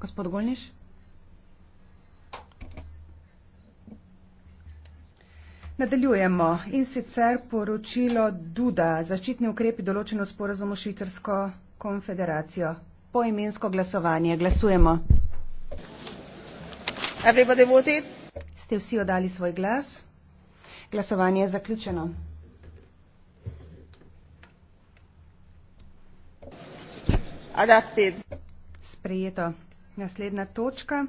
Gospod Golniš. Nadaljujemo in sicer poročilo Duda, zaščitni ukrepi določeno sporozumu Švicarsko konfederacijo. Poimensko glasovanje. Glasujemo. Ste vsi oddali svoj glas? Glasovanje je zaključeno. Adaptive sprejeto. Naslednja točka.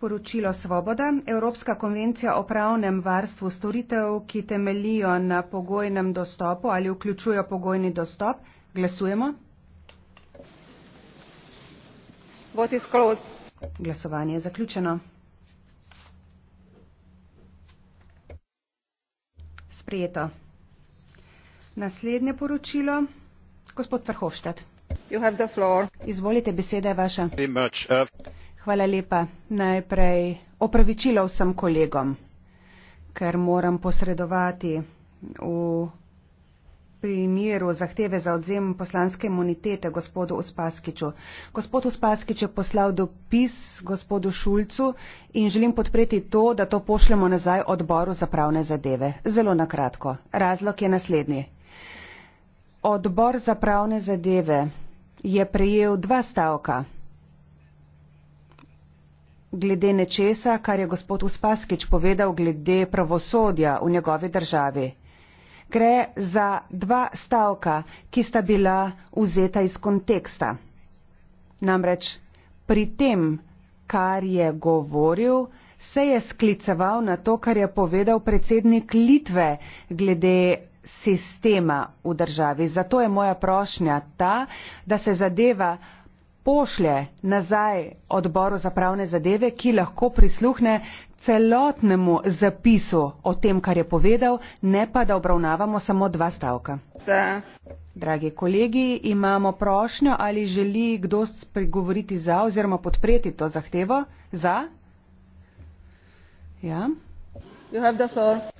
Poročilo Svoboda. Evropska konvencija o pravnem varstvu storitev, ki temelijo na pogojnem dostopu ali vključujo pogojni dostop. Glasujemo. Glasovanje je zaključeno. Sprejeto. Naslednje poročilo. Gospod Prhovštad. Uh, najprej opravičilo vsem kolegom ker moram posredovati v primeru zahteve za odzem poslanske imunitete gospodu uspaskiću gospod uspaskić je poslal dopis gospodu šulcu in želim podpreti to da to pošljemo nazaj odboru za pravne zadeve zelo na kratko razlog je naslednji odbor za pravne zadeve je prejel dva stavka glede nečesa, kar je gospod Uspaskič povedal glede pravosodja v njegovi državi. Gre za dva stavka, ki sta bila vzeta iz konteksta. Namreč pri tem, kar je govoril, se je skliceval na to, kar je povedal predsednik Litve glede sistema v državi. Zato je moja prošnja ta, da se zadeva pošlje nazaj odboru za pravne zadeve, ki lahko prisluhne celotnemu zapisu o tem, kar je povedal, ne pa, da obravnavamo samo dva stavka. Da. Dragi kolegi, imamo prošnjo, ali želi kdo spregovoriti za oziroma podpreti to zahtevo? Za? Ja.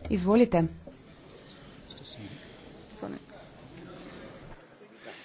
Izvolite.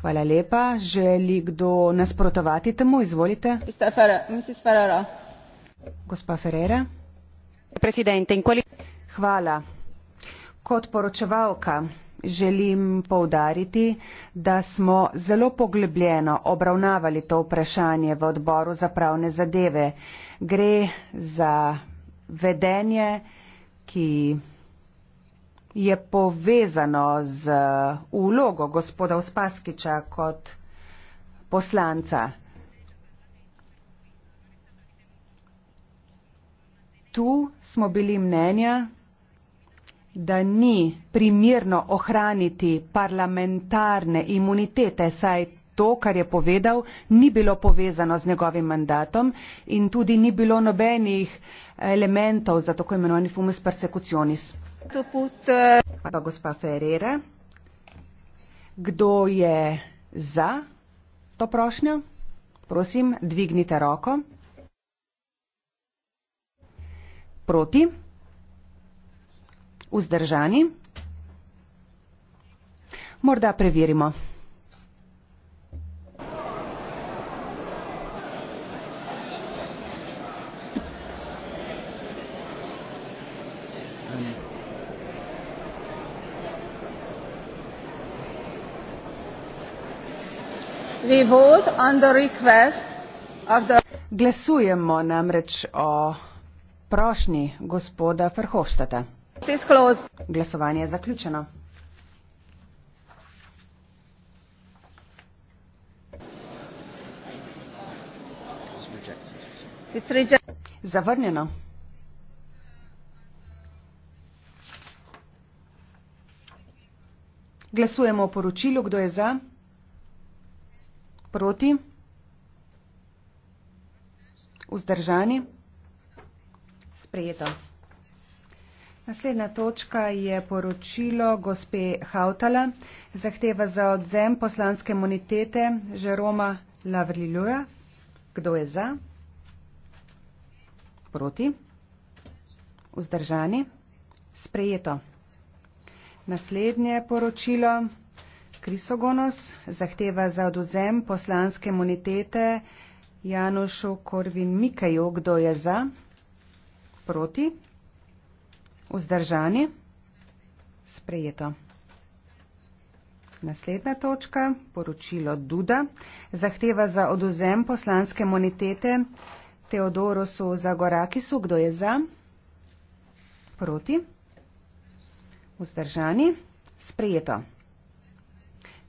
Hvala lepa. Želi kdo nasprotovati temu? Izvolite. Gospa Ferreira. Hvala. Kot poročevalka želim povdariti, da smo zelo poglebljeno obravnavali to vprašanje v odboru za pravne zadeve. Gre za vedenje, ki je povezano z ulogo gospoda Uspaskiča kot poslanca. Tu smo bili mnenja, da ni primirno ohraniti parlamentarne imunitete, saj to, kar je povedal, ni bilo povezano z njegovim mandatom in tudi ni bilo nobenih elementov za tako imenovani fumus persecucionis. Put, uh... Eh, pa gospa Ferrera, kdo je za to prošnjo? Prosim, dvignite roko. Proti? Vzdržani? Morda preverimo. Glasujemo namreč o prošnji gospoda Ferhofstata. Glasovanje je zaključeno. Zavrnjeno. Glasujemo o poročilu, kdo je za proti, vzdržani, sprejeto. Naslednja točka je poročilo gospe Hautala, zahteva za odzem poslanske imunitete Žeroma Lavrljuja. Kdo je za? Proti. Vzdržani. Sprejeto. Naslednje poročilo. Krisogonos, zahteva za oduzem poslanske imunitete Janošu Korvin Mikaju, kdo je za, proti, vzdržani, sprejeto. Naslednja točka, poročilo Duda, zahteva za oduzem poslanske imunitete Teodorosu Zagorakisu, kdo je za, proti, vzdržani, sprejeto.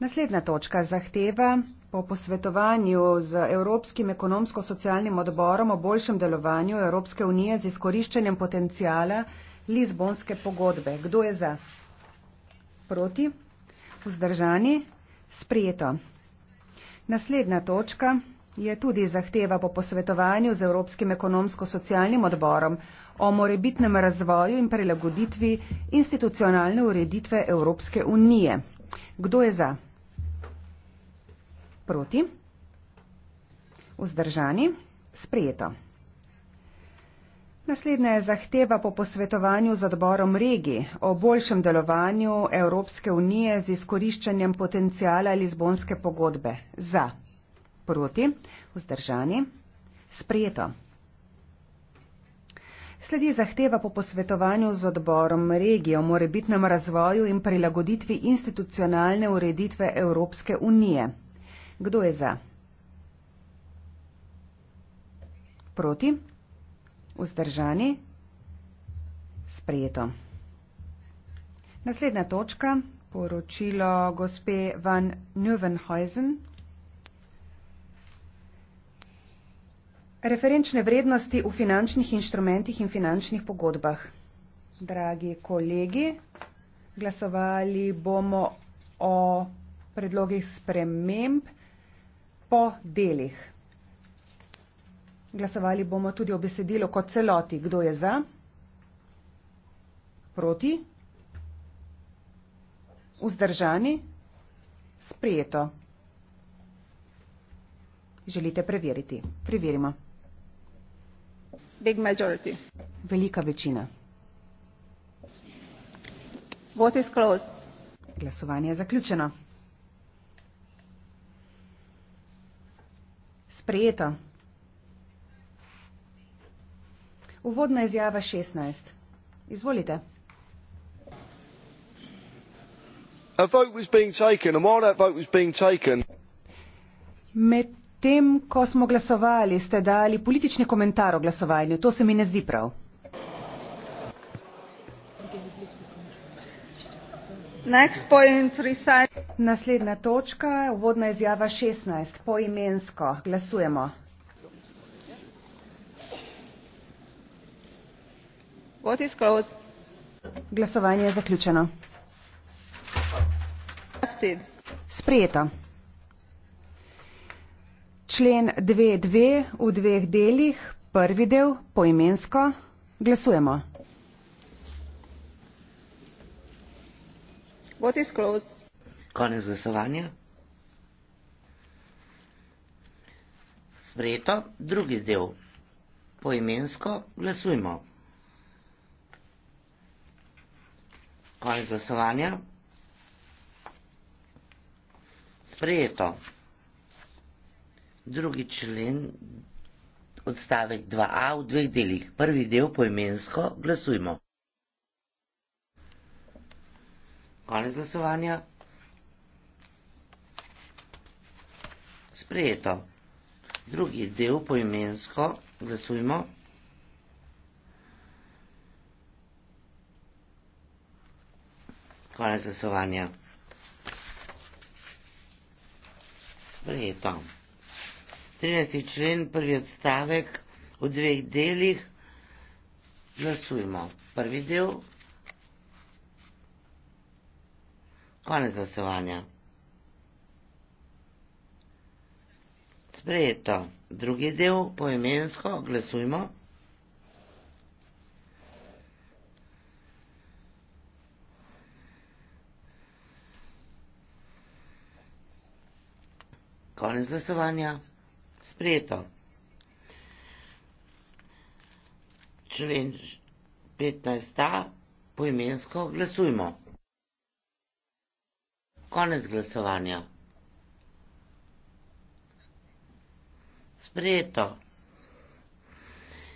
Naslednja točka zahteva po posvetovanju z Evropskim ekonomsko-socialnim odborom o boljšem delovanju Evropske unije z izkoriščenjem potencijala Lizbonske pogodbe. Kdo je za? Proti? Vzdržani? Sprijeto. Naslednja točka je tudi zahteva po posvetovanju z Evropskim ekonomsko-socialnim odborom o morebitnem razvoju in prilagoditvi institucionalne ureditve Evropske unije. Kdo je za? Proti. Vzdržani. Sprejeto. Naslednja je zahteva po posvetovanju z odborom regij o boljšem delovanju Evropske unije z izkoriščanjem potencijala Lizbonske pogodbe. Za. Proti. Vzdržani. Sprejeto sledi zahteva po posvetovanju z odborom regije o morebitnem razvoju in prilagoditvi institucionalne ureditve Evropske unije. Kdo je za? Proti? Vzdržani? Sprejeto. Naslednja točka. Poročilo gospe Van Neuvenhuizen Referenčne vrednosti v finančnih inštrumentih in finančnih pogodbah. Dragi kolegi, glasovali bomo o predlogih sprememb po delih. Glasovali bomo tudi o besedilo kot celoti. Kdo je za? Proti? Vzdržani? Sprijeto. Želite preveriti? Preverimo big majority. Velika večina. Vote is closed. Glasovanje je zaključeno. Sprejeto. Uvodna izjava 16. Izvolite. A vote was being taken and while that vote was being taken... Med Potem, ko smo glasovali, ste dali politični komentar o glasovanju. To se mi ne zdi prav. Naslednja točka, uvodna izjava 16, poimensko. Glasujemo. Glasovanje je zaključeno. Sprejeto člen 2.2 v dveh delih, prvi del poimensko, glasujemo. What is closed? Konec glasovanja. Sprejeto, drugi del. Poimensko glasujmo. Konec glasovanja. Sprejeto drugi člen, odstavek 2a v dveh delih. Prvi del poimensko glasujmo. Konec glasovanja. Sprejeto. Drugi del poimensko glasujmo. Konec glasovanja. Sprejeto. Sprejeto. 13. člen, prvi odstavek v dveh delih. Glasujmo. Prvi del. Konec glasovanja. Sprejeto. Drugi del, poimensko, glasujmo. Konec glasovanja sprejeto. Člen 15. Poimensko glasujmo. Konec glasovanja. Sprejeto.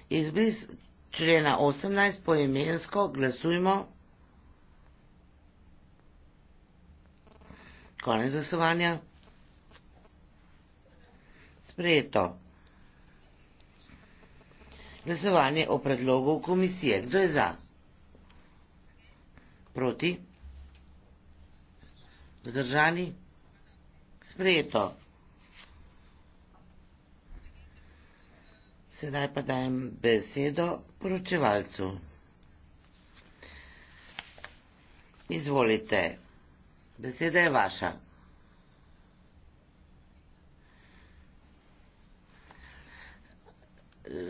Izbris člena 18 poimensko glasujmo. Konec glasovanja sprejeto. Glasovanje o predlogu komisije. Kdo je za? Proti? Vzdržani? Sprejeto. Sedaj pa dajem besedo poročevalcu. Izvolite. Beseda je vaša.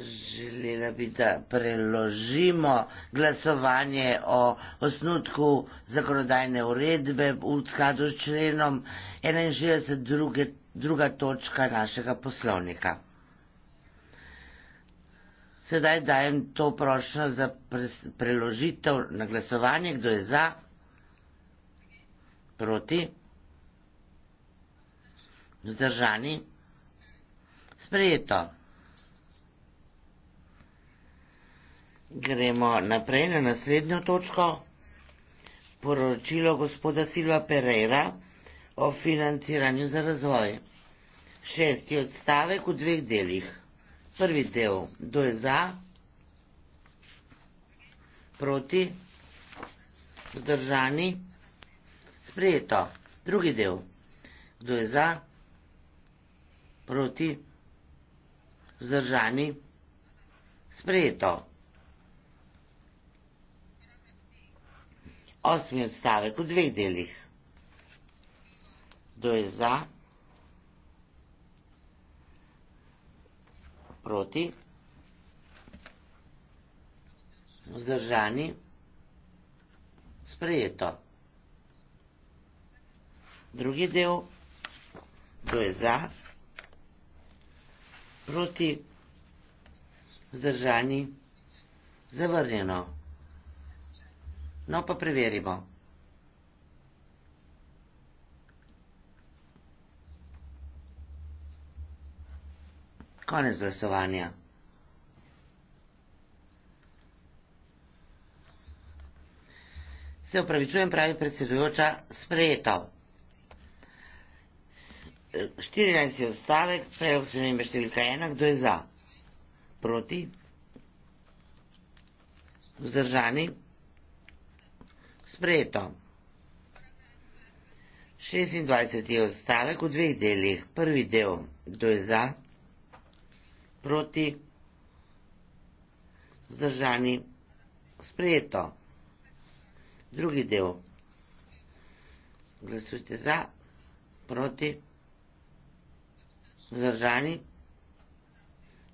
želela bi, da preložimo glasovanje o osnutku zakonodajne uredbe v skladu s členom 61. Druge, druga točka našega poslovnika. Sedaj dajem to prošnjo za preložitev na glasovanje. Kdo je za? Proti? Zdržani? Sprejeto. Gremo naprej na naslednjo točko. Poročilo gospoda Silva Pereira o financiranju za razvoj. Šesti odstavek v dveh delih. Prvi del, kdo je za, proti, vzdržani, sprejeto. Drugi del, kdo je za, proti, vzdržani, sprejeto. osmi odstavek v dveh delih. Kdo je za? Proti? Zdržani? Sprejeto. Drugi del. Kdo je za? Proti? Zdržani? Zavrnjeno. Zdržani? No pa preverimo. Konec glasovanja. Se upravičujem, pravi predsedujoča, sprejeto. 14. odstavek, predlog spremembe številka 1, kdo je za? Proti? Vzdržani? Vzdržani? Sprejeto. 26. je odstavek v dveh delih. Prvi del, kdo je za, proti, zdržani, sprejeto. Drugi del, glasujte za, proti, zdržani,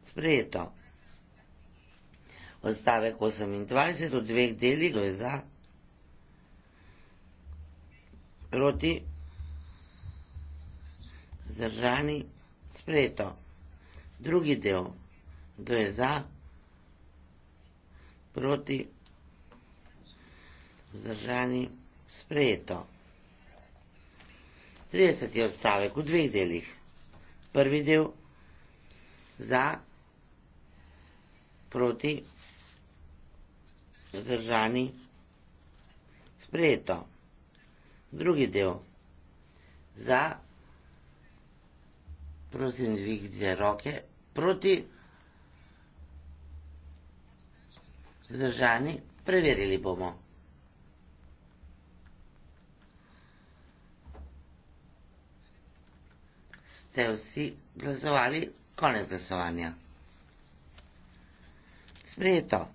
sprejeto. Odstavek 28 v dveh delih, kdo je za, proti, zdržani, sprejeto proti zdržani spreto. Drugi del, kdo je za, proti zdržani spreto. 30. odstavek v dveh delih. Prvi del, za, proti zdržani spreto. Drugi del. Za. Prosim, dvigite roke. Proti. Zdržani. Preverili bomo. Ste vsi glasovali? Konec glasovanja. Sprejeto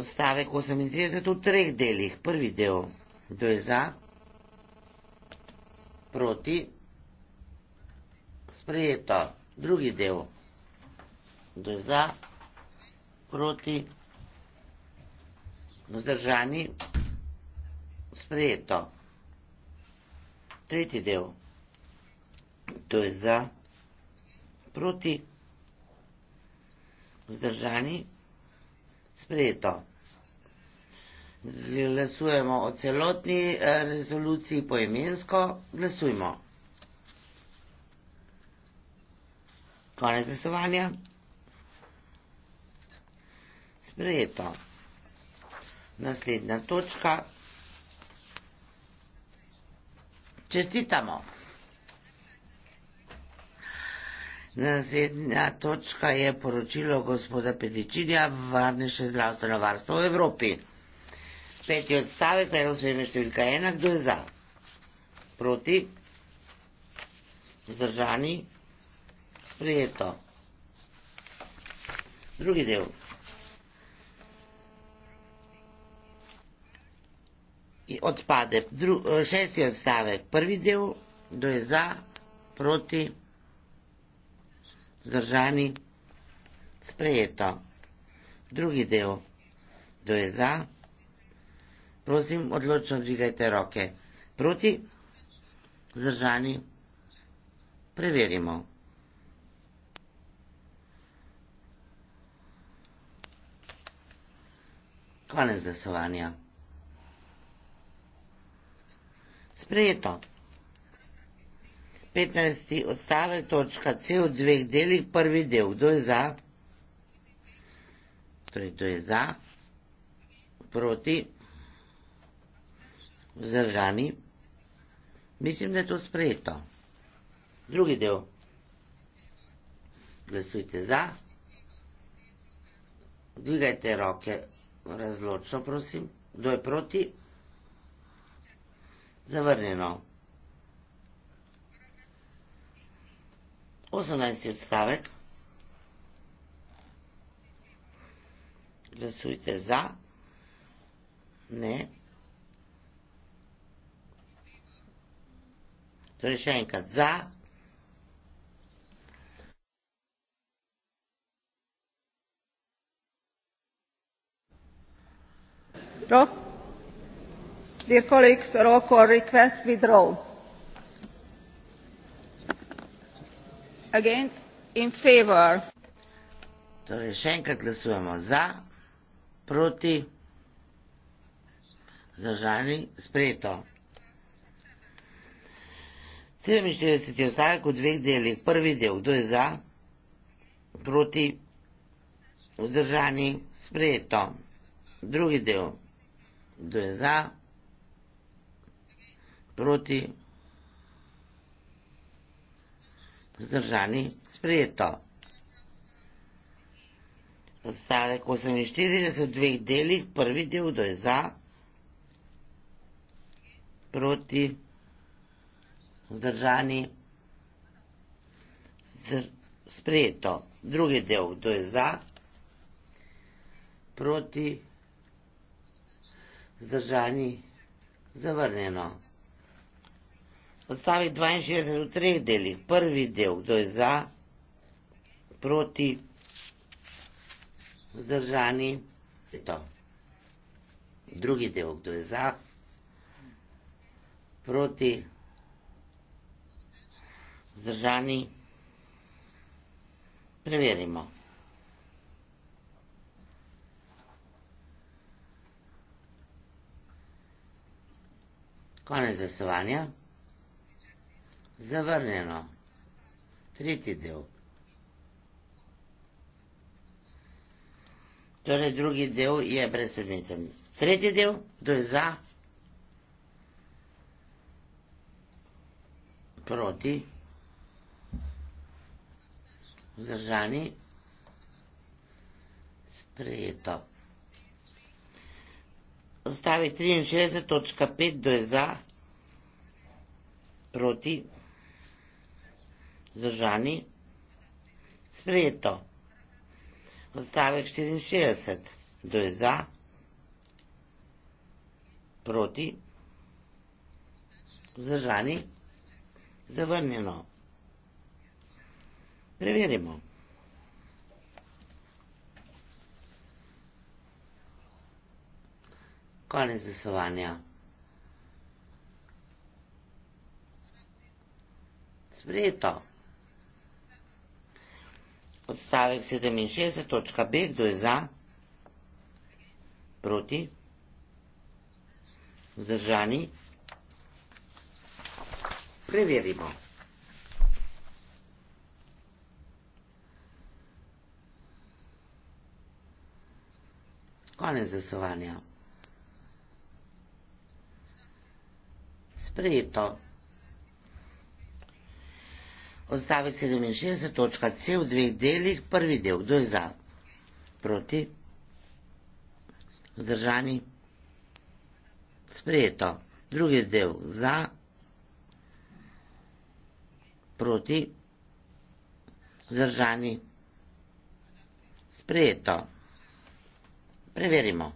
odstavek 38 v treh delih. Prvi del, kdo je za, proti, sprejeto. Drugi del, kdo je za, proti, vzdržani, sprejeto. Tretji del, kdo je za, proti, vzdržani, sprejeto glasujemo o celotni eh, rezoluciji poimensko, glasujmo. Konec glasovanja. Sprejeto. Naslednja točka. Čestitamo. Naslednja točka je poročilo gospoda Pedičinja, varnejše zdravstveno varstvo v Evropi peti odstavek, predlog sprejme številka ena, kdo je za? Proti? Zdržani? Sprejeto. Drugi del. Odpade Dru eh, šesti odstavek, prvi del, kdo je za, proti, zdržani, sprejeto. Drugi del, kdo je za, prosim, odločno dvigajte roke proti, zdržani, preverimo. Konec glasovanja. Sprejeto. 15. odstavek, točka C v dveh delih, prvi del. Kdo je za? Torej, kdo je za? Proti. Proti vzdržani. Mislim, da je to sprejeto. Drugi del. Glasujte za. Dvigajte roke razločno, prosim. Kdo je proti? Zavrnjeno. 18. odstavek. Glasujte za. Ne. Ne. Torej še enkrat za. Rock. Dear colleagues, rock or request withdraw. Again, in favor. Torej, še enkrat glasujemo za, proti, zažani, sprejeto. 47 je vsak v dveh delih. Prvi del, kdo je za, proti, vzdržani, sprejeto. Drugi del, kdo je za, proti, vzdržani, sprejeto. Stavek 48 v dveh delih, prvi del, kdo je za, proti, vzdržani, sprejeto vzdržani, sprejeto. Drugi del, kdo je za, proti, vzdržani, zavrnjeno. Odstavi 62 v treh delih. Prvi del, kdo je za, proti, vzdržani, sprejeto. Drugi del, kdo je za, proti, vzdržani, sprejeto zdržani. Preverimo. Konec zasovanja. Zavrnjeno. Tretji del. Torej, drugi del je brezpredmeten. Tretji del, kdo je za? Proti vzdržani, sprejeto. Ostavi 63.5, do je za, proti, vzdržani, sprejeto. Ostavek 64, do je za, proti, vzdržani, zavrnjeno. Preverimo. Konec zasovanja. Sprejeto. Odstavek 67, točka B, kdo je za? Proti? Zdržani? Preverimo. Preverimo. Konec glasovanja. Sprejeto. Odstavek 67, točka C v dveh delih, prvi del. Kdo je za? Proti? Vzdržani? Sprejeto. Drugi del. Za? Proti? Vzdržani? Sprejeto. Preverimo.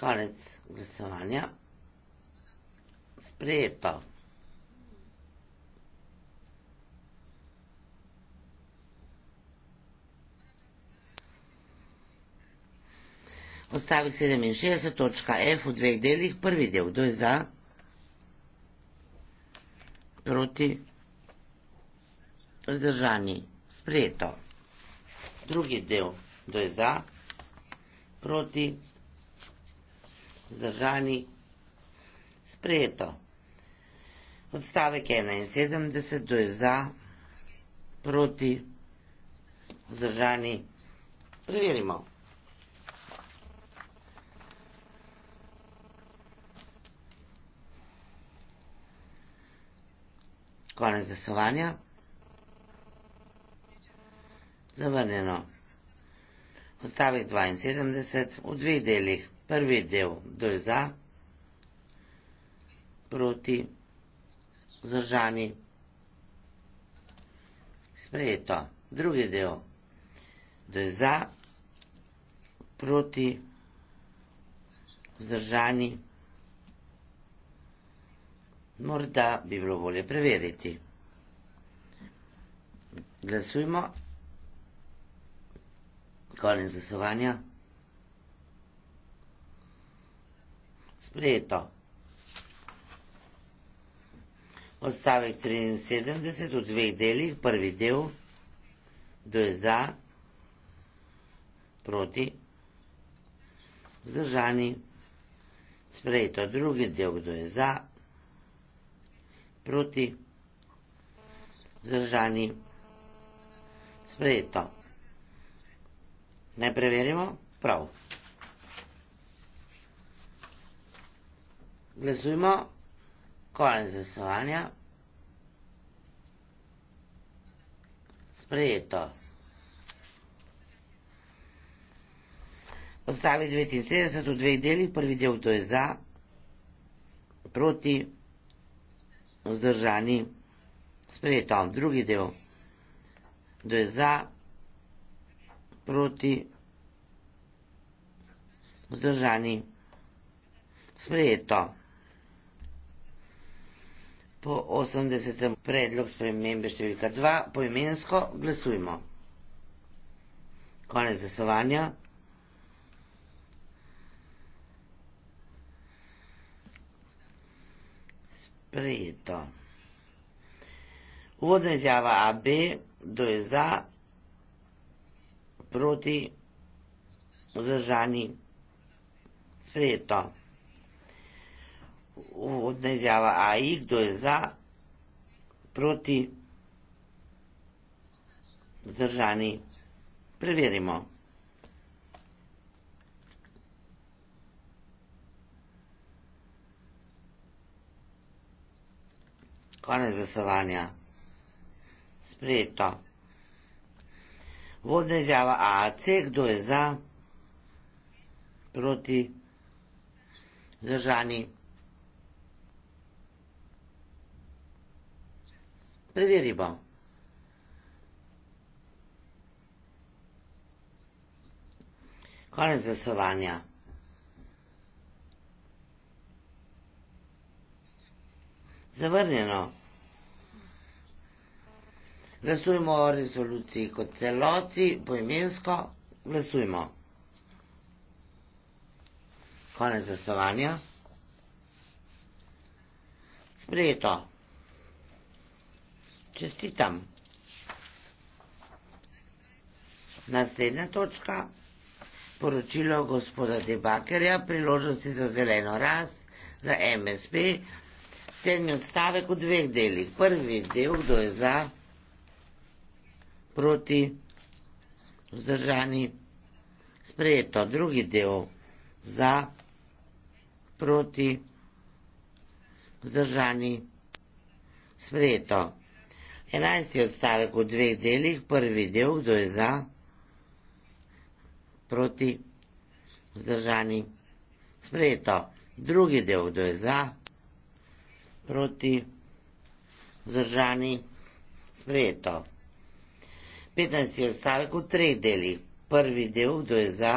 Konec glasovanja. Sprejeto. Odstavek 67, točka F v dveh delih, prvi del, kdo je za? Proti. Vzdržani. Sprejeto. Drugi del. To je za. Proti. Vzdržani. Sprejeto. Odstavek 71. To je za. Proti. Vzdržani. Preverimo. Konec zasovanja zavrnjeno. Odstavek 72 v dveh delih. Prvi del, kdo je za, proti, zdržani, sprejeto. Drugi del, kdo je za, proti, zdržani, morda bi bilo bolje preveriti. Glasujmo. Glasujmo. Konec glasovanja. Sprejeto. Odstavek 73 v dveh delih, prvi del, kdo je za, proti, zdržani, sprejeto drugi del, kdo je za, proti, zdržani, sprejeto. Ne preverimo? Prav. Glasujmo. Konec glasovanja. Sprejeto. Odstavi 79 v dveh delih. Prvi del to je za, proti, vzdržani. Sprejeto. Drugi del to je za, proti, vzdržani proti vzdržani sprejeto. Po 80. predlog spremembe številka 2 poimensko glasujmo. Konec glasovanja. Sprejeto. Uvodna izjava AB, kdo je za, proti vzdržani sprejeto. Uvodna izjava AI, kdo je za, proti vzdržani. Preverimo. Konec zasovanja. Sprejeto. Vodna izjava AC, kdo je za, proti, zažani. Preverimo. Konec glasovanja. Zavrnjeno. Glasujemo o rezoluciji kot celoti, poimensko. Glasujemo. Konec glasovanja. Sprejeto. Čestitam. Naslednja točka. Poročilo gospoda Debakerja, priložnosti za zeleno rast, za MSP. Sedmi odstavek v dveh delih. Prvi del, kdo je za proti vzdržani sprejeto. Drugi del za proti vzdržani sprejeto. Enajsti odstavek v dveh delih, prvi del, kdo je za proti vzdržani sprejeto. Drugi del, kdo je za proti vzdržani sprejeto. 15. stavek v treh delih. Prvi del, kdo je za,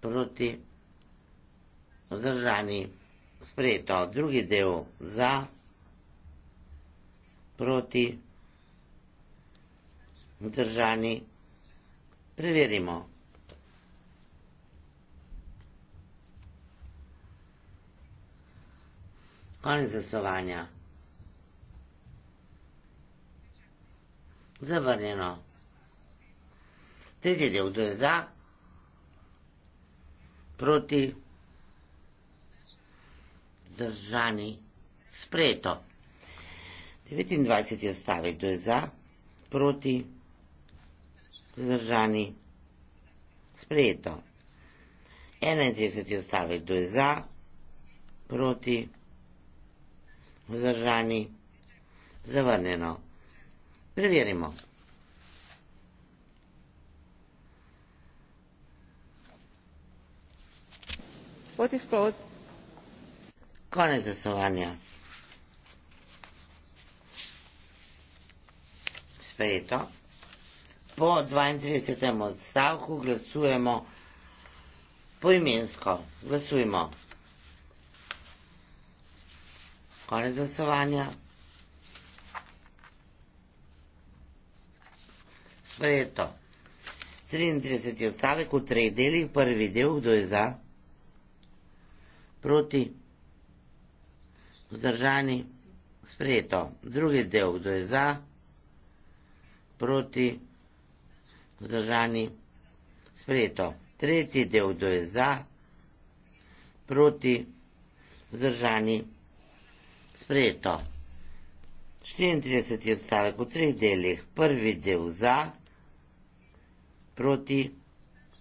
proti, vzdržani, sprejeto. Drugi del, za, proti, vzdržani, preverimo. Konec zasovanja. Zavrnjeno. Tretji del, kdo je za? Proti? Zdržani? Sprejeto. 29. ostavek, kdo je za? Proti? Zdržani? Sprejeto. 31. ostavek, kdo je za? Proti? Zdržani? Zavrnjeno. Zavrnjeno. Preverimo. Vote is closed. Konec zasovanja. Sprejeto. Po 32. odstavku glasujemo poimensko. Glasujemo. Konec zasovanja. Konec zasovanja. sprejeto. 33. odstavek v treh delih, prvi del, kdo je za, proti, vzdržani, sprejeto. Drugi del, kdo je za, proti, vzdržani, sprejeto. Tretji del, kdo je za, proti, vzdržani, sprejeto. 34. odstavek v treh delih, prvi del za, proti, vzdržani, sprejeto proti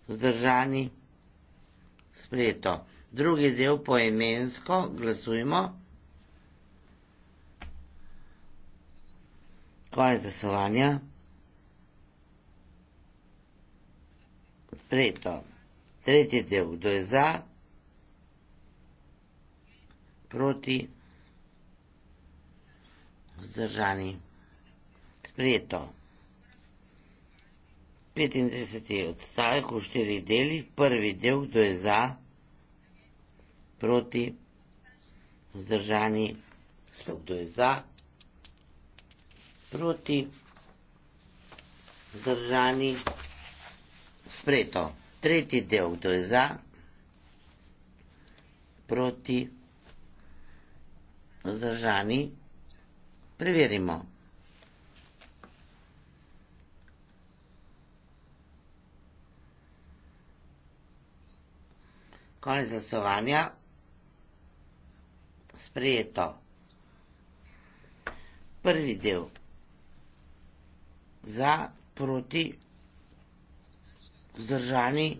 vzdržani spleto. Drugi del poemensko glasujmo. Konec glasovanja. Spleto. Tretji del, kdo je za, proti, vzdržani, sprijeto. 35. odstavek v štirih delih, prvi del, kdo je za, proti, vzdržani, so kdo je za, proti, vzdržani, spreto. Tretji del, kdo je za, proti, vzdržani, preverimo. konec glasovanja, sprejeto. Prvi del za, proti, vzdržani,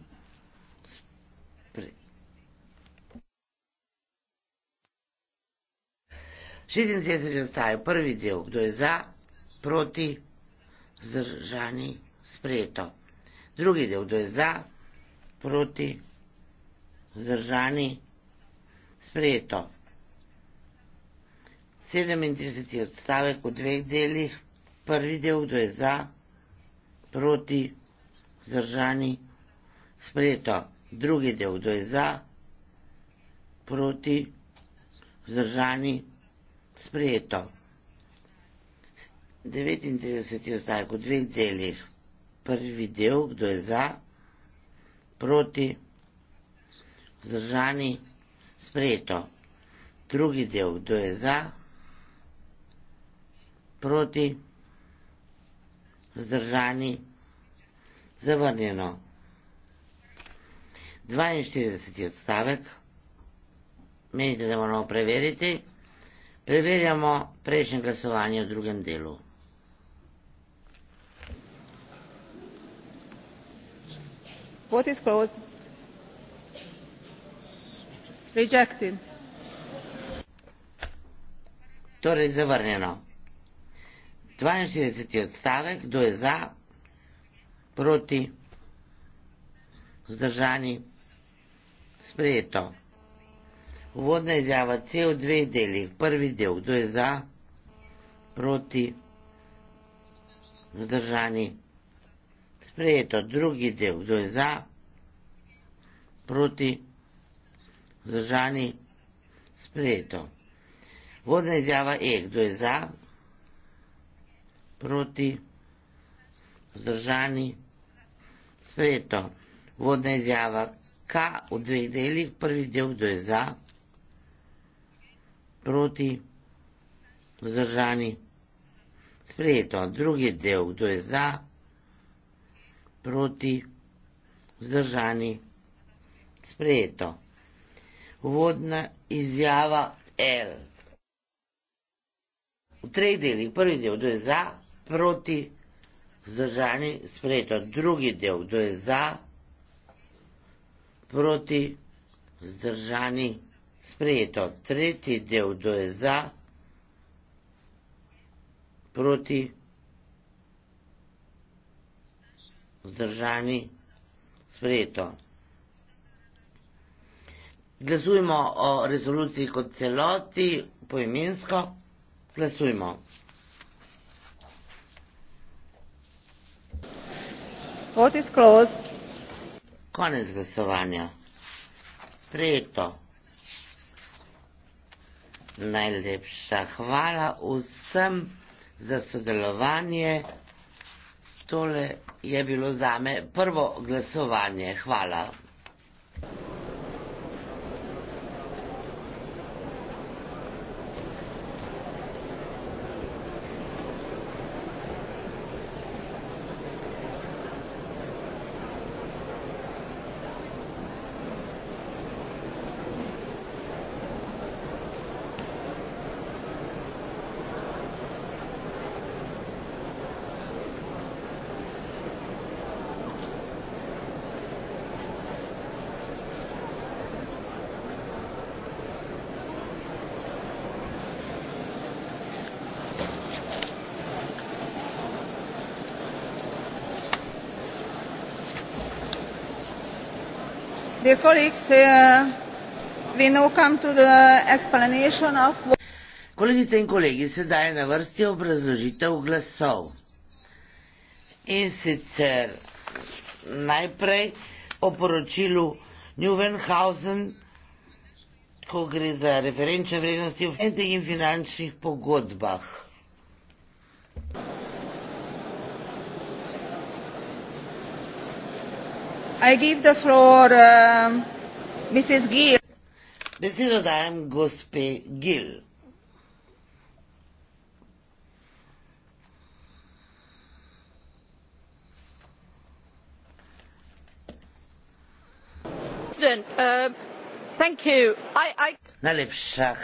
Šestin zdaj ostaje prvi del, kdo je za, proti, zdržani, sprejeto. Drugi del, kdo je za, proti, zdržani. Zdržani. Sprejeto. 37. odstavek v dveh delih. Prvi del, kdo je za, proti, zdržani. Sprejeto. Drugi del, kdo je za, proti, zdržani. Sprejeto. 39. odstavek v dveh delih. Prvi del, kdo je za, proti, zdržani zdržani, sprejeto. Drugi del, kdo je za, proti, zdržani, zavrnjeno. 42. odstavek, menite, da moramo preveriti, preverjamo prejšnje glasovanje v drugem delu. What is closed? rejected torej zavrnjeno 62. odstavek kdo je za proti vzdržani sprejeto uvodna izjava C v dveh delih prvi del kdo je za proti vzdržani sprejeto drugi del kdo je za proti vzdržani sprejeto vzdržani sprejeto. Vodna izjava E, kdo je za, proti, vzdržani sprejeto. Vodna izjava K v dveh delih, prvi del, kdo je za, proti, vzdržani sprejeto. Drugi del, kdo je za, proti, vzdržani sprejeto vodna izjava L. V treh deli, prvi del, kdo je za, proti, vzdržani, sprejeto. Drugi del, kdo je za, proti, vzdržani, sprejeto. Tretji del, kdo je za, proti, vzdržani, sprejeto. Glasujmo o rezoluciji kot celoti, poimensko. Glasujmo. Vot is closed. Konec glasovanja. Sprejeto. Najlepša hvala vsem za sodelovanje. Tole je bilo zame prvo glasovanje. Hvala. Dear colleagues, uh, we now come to the explanation of. Kolegice in kolegi, sedaj je na vrsti obrazložitev glasov. In sicer najprej o poročilu Newenhausen, ko gre za referenčne vrednosti v enih finančnih pogodbah. Um, Besedo dajem gospe Gil. Najlepša hvala, gospa predsednica.